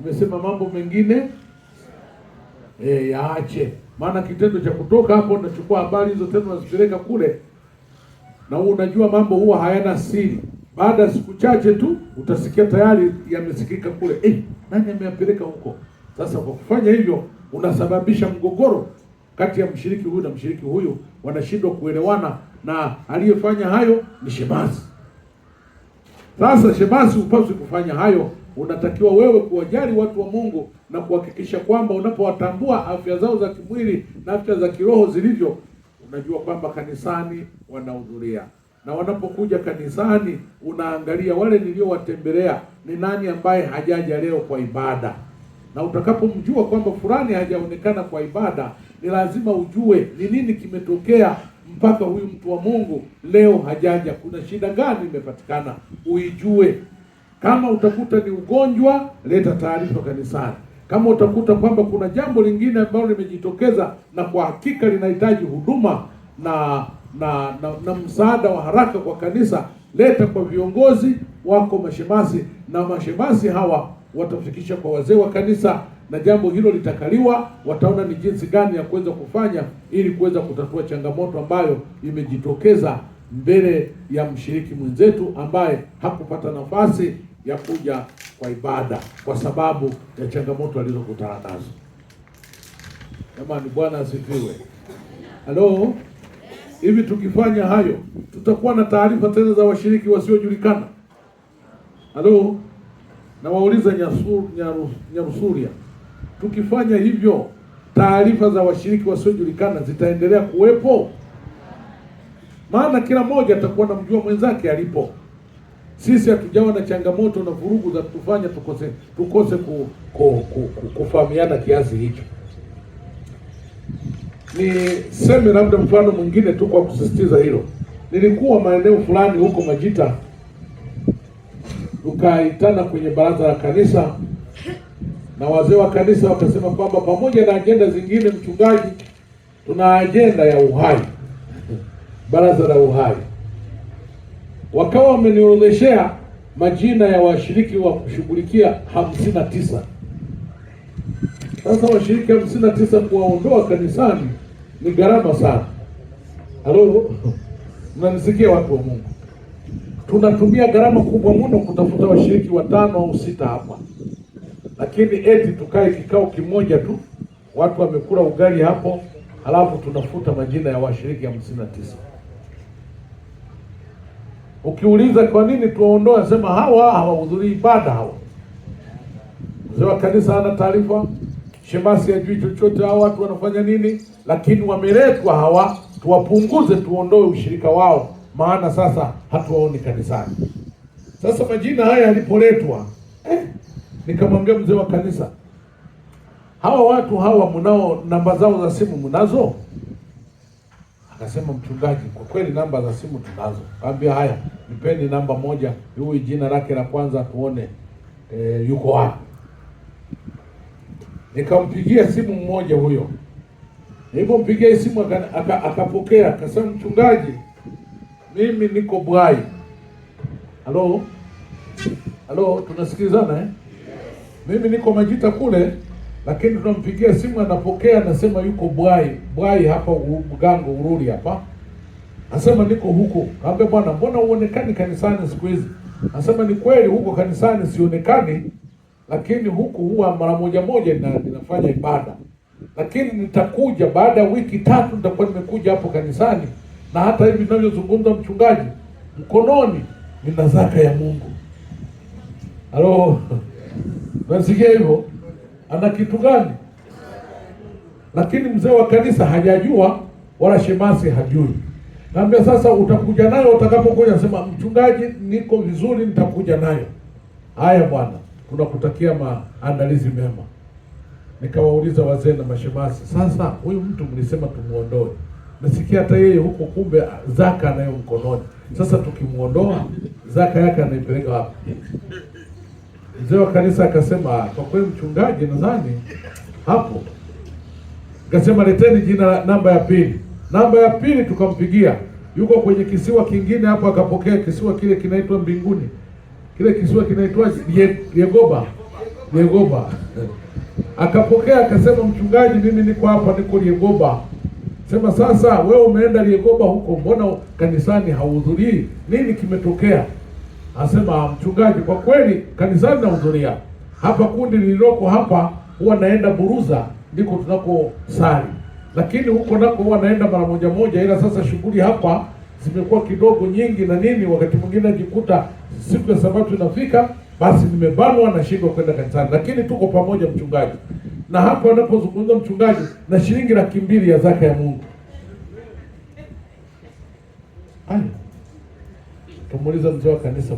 umesema mambo mengine e, yaache. Maana kitendo cha kutoka hapo, unachukua habari hizo tena unazipeleka kule, na unajua mambo huwa hayana siri. Baada ya siku chache tu utasikia tayari yamesikika kule, eh, nani ameyapeleka huko? Sasa kwa kufanya hivyo unasababisha mgogoro kati ya mshiriki huyu na mshiriki huyu, wanashindwa kuelewana, na aliyefanya hayo ni shemasi. Sasa shemasi upaswi kufanya hayo. Unatakiwa wewe kuwajali watu wa Mungu na kuhakikisha kwamba unapowatambua afya zao za kimwili na afya za kiroho zilivyo, unajua kwamba kanisani wanahudhuria, na wanapokuja kanisani unaangalia wale niliowatembelea ni nani ambaye hajaja leo kwa ibada. Na utakapomjua kwamba fulani hajaonekana kwa ibada, ni lazima ujue ni nini kimetokea mpaka huyu mtu wa Mungu leo hajaja. Kuna shida gani imepatikana? Uijue kama utakuta ni ugonjwa, leta taarifa kanisani. Kama utakuta kwamba kuna jambo lingine ambalo limejitokeza na kwa hakika linahitaji huduma na na, na na msaada wa haraka kwa kanisa, leta kwa viongozi wako mashemasi, na mashemasi hawa watafikisha kwa wazee wa kanisa, na jambo hilo litakaliwa, wataona ni jinsi gani ya kuweza kufanya ili kuweza kutatua changamoto ambayo imejitokeza mbele ya mshiriki mwenzetu ambaye hakupata nafasi ya kuja kwa ibada kwa sababu ya changamoto alizokutana nazo. Jamani, Bwana asifiwe. Halo, hivi tukifanya hayo tutakuwa na taarifa tena za washiriki wasiojulikana? Halo, na wauliza Nyarusuria, tukifanya hivyo taarifa za washiriki wasiojulikana zitaendelea kuwepo? Maana kila mmoja atakuwa na mjua mwenzake alipo. Sisi hatujawa na changamoto na vurugu za kutufanya tukose tukose ku, ku, ku, ku, kufahamiana kiasi hicho. Niseme labda mfano mwingine tu kwa kusisitiza hilo, nilikuwa maeneo fulani huko Majita, tukaitana kwenye baraza la kanisa na wazee wa kanisa wakasema kwamba pamoja na ajenda zingine, mchungaji, tuna ajenda ya uhai, baraza la uhai wakawa wameniorodheshea majina ya washiriki wa kushughulikia hamsini na tisa. Sasa washiriki hamsini na tisa kuwaondoa kanisani ni gharama sana. Halo, mnanisikia watu wa Mungu? Tunatumia gharama kubwa mno kutafuta washiriki watano au sita hapa, lakini eti tukae kikao kimoja tu, watu wamekula ugali hapo, halafu tunafuta majina ya washiriki hamsini na tisa. Ukiuliza kwa nini tuwaondoe, asema hawa hawahudhurii ibada. Hawa mzee wa kanisa hana taarifa, shemasi hajui chochote, hawa watu wanafanya nini, lakini wameletwa hawa, tuwapunguze, tuondoe ushirika wao, maana sasa hatuwaoni kanisani. Sasa majina haya yalipoletwa, eh, nikamwambia mzee wa kanisa, hawa watu hawa mnao namba zao za simu mnazo? Akasema mchungaji, kwa kweli namba za simu tunazo. Kaambia haya, mpeni namba moja, huyu jina lake la kwanza tuone e, yuko wapi. Nikampigia simu mmoja huyo, nilipompigia simu akapokea, akasema mchungaji, mimi niko Bwai. Halo, halo, tunasikilizana eh? Mimi niko Majita kule lakini tunampigia simu anapokea, anasema yuko Bwai. Bwai hapa Mgango Ururi hapa Anasema niko huko. Kaambia bwana, mbona uonekani kanisani siku hizi? Anasema ni kweli, huko kanisani sionekani, lakini huku huwa mara moja moja ninafanya ibada, lakini nitakuja baada ya wiki tatu, nitakuwa nimekuja hapo kanisani, na hata hivi ninavyozungumza, mchungaji, mkononi nina zaka ya Mungu. Halo, nasikia hivyo, ana kitu gani? Lakini mzee wa kanisa hajajua, wala shemasi hajui. Kaambia sasa utakuja nayo utakapokuja, sema mchungaji, niko vizuri, nitakuja nayo. Haya bwana, tunakutakia maandalizi mema. Nikawauliza wazee na mashemasi, sasa huyu mtu mlisema tumuondoe, nasikia hata yeye huko, kumbe zaka anayo mkononi. Sasa tukimuondoa zaka yake anaipeleka wapi? Mzee wa kanisa akasema, kwa kweli mchungaji, nadhani hapo. Akasema leteni jina, namba ya pili Namba ya pili tukampigia, yuko kwenye kisiwa kingine hapo, akapokea kisiwa kile kinaitwa Mbinguni, kile kisiwa kinaitwa Yegoba, Yegoba akapokea akasema, mchungaji, mimi niko hapa, niko Yegoba. Sema sasa, wewe umeenda Yegoba huko, mbona kanisani hauhudhurii? Nini kimetokea? Asema mchungaji, kwa kweli kanisani nahudhuria hapa, kundi lililoko hapa huwa naenda Buruza, ndiko tunako sali lakini huko nako huwa naenda mara moja moja, ila sasa shughuli hapa zimekuwa kidogo nyingi na nini, wakati mwingine najikuta siku ya sabato inafika, basi nimebanwa, nashindwa kwenda kanisani, lakini tuko pamoja mchungaji. Na hapa anapozungumza mchungaji na shilingi laki mbili ya zaka ya Mungu, tumuuliza mzee wa kanisa.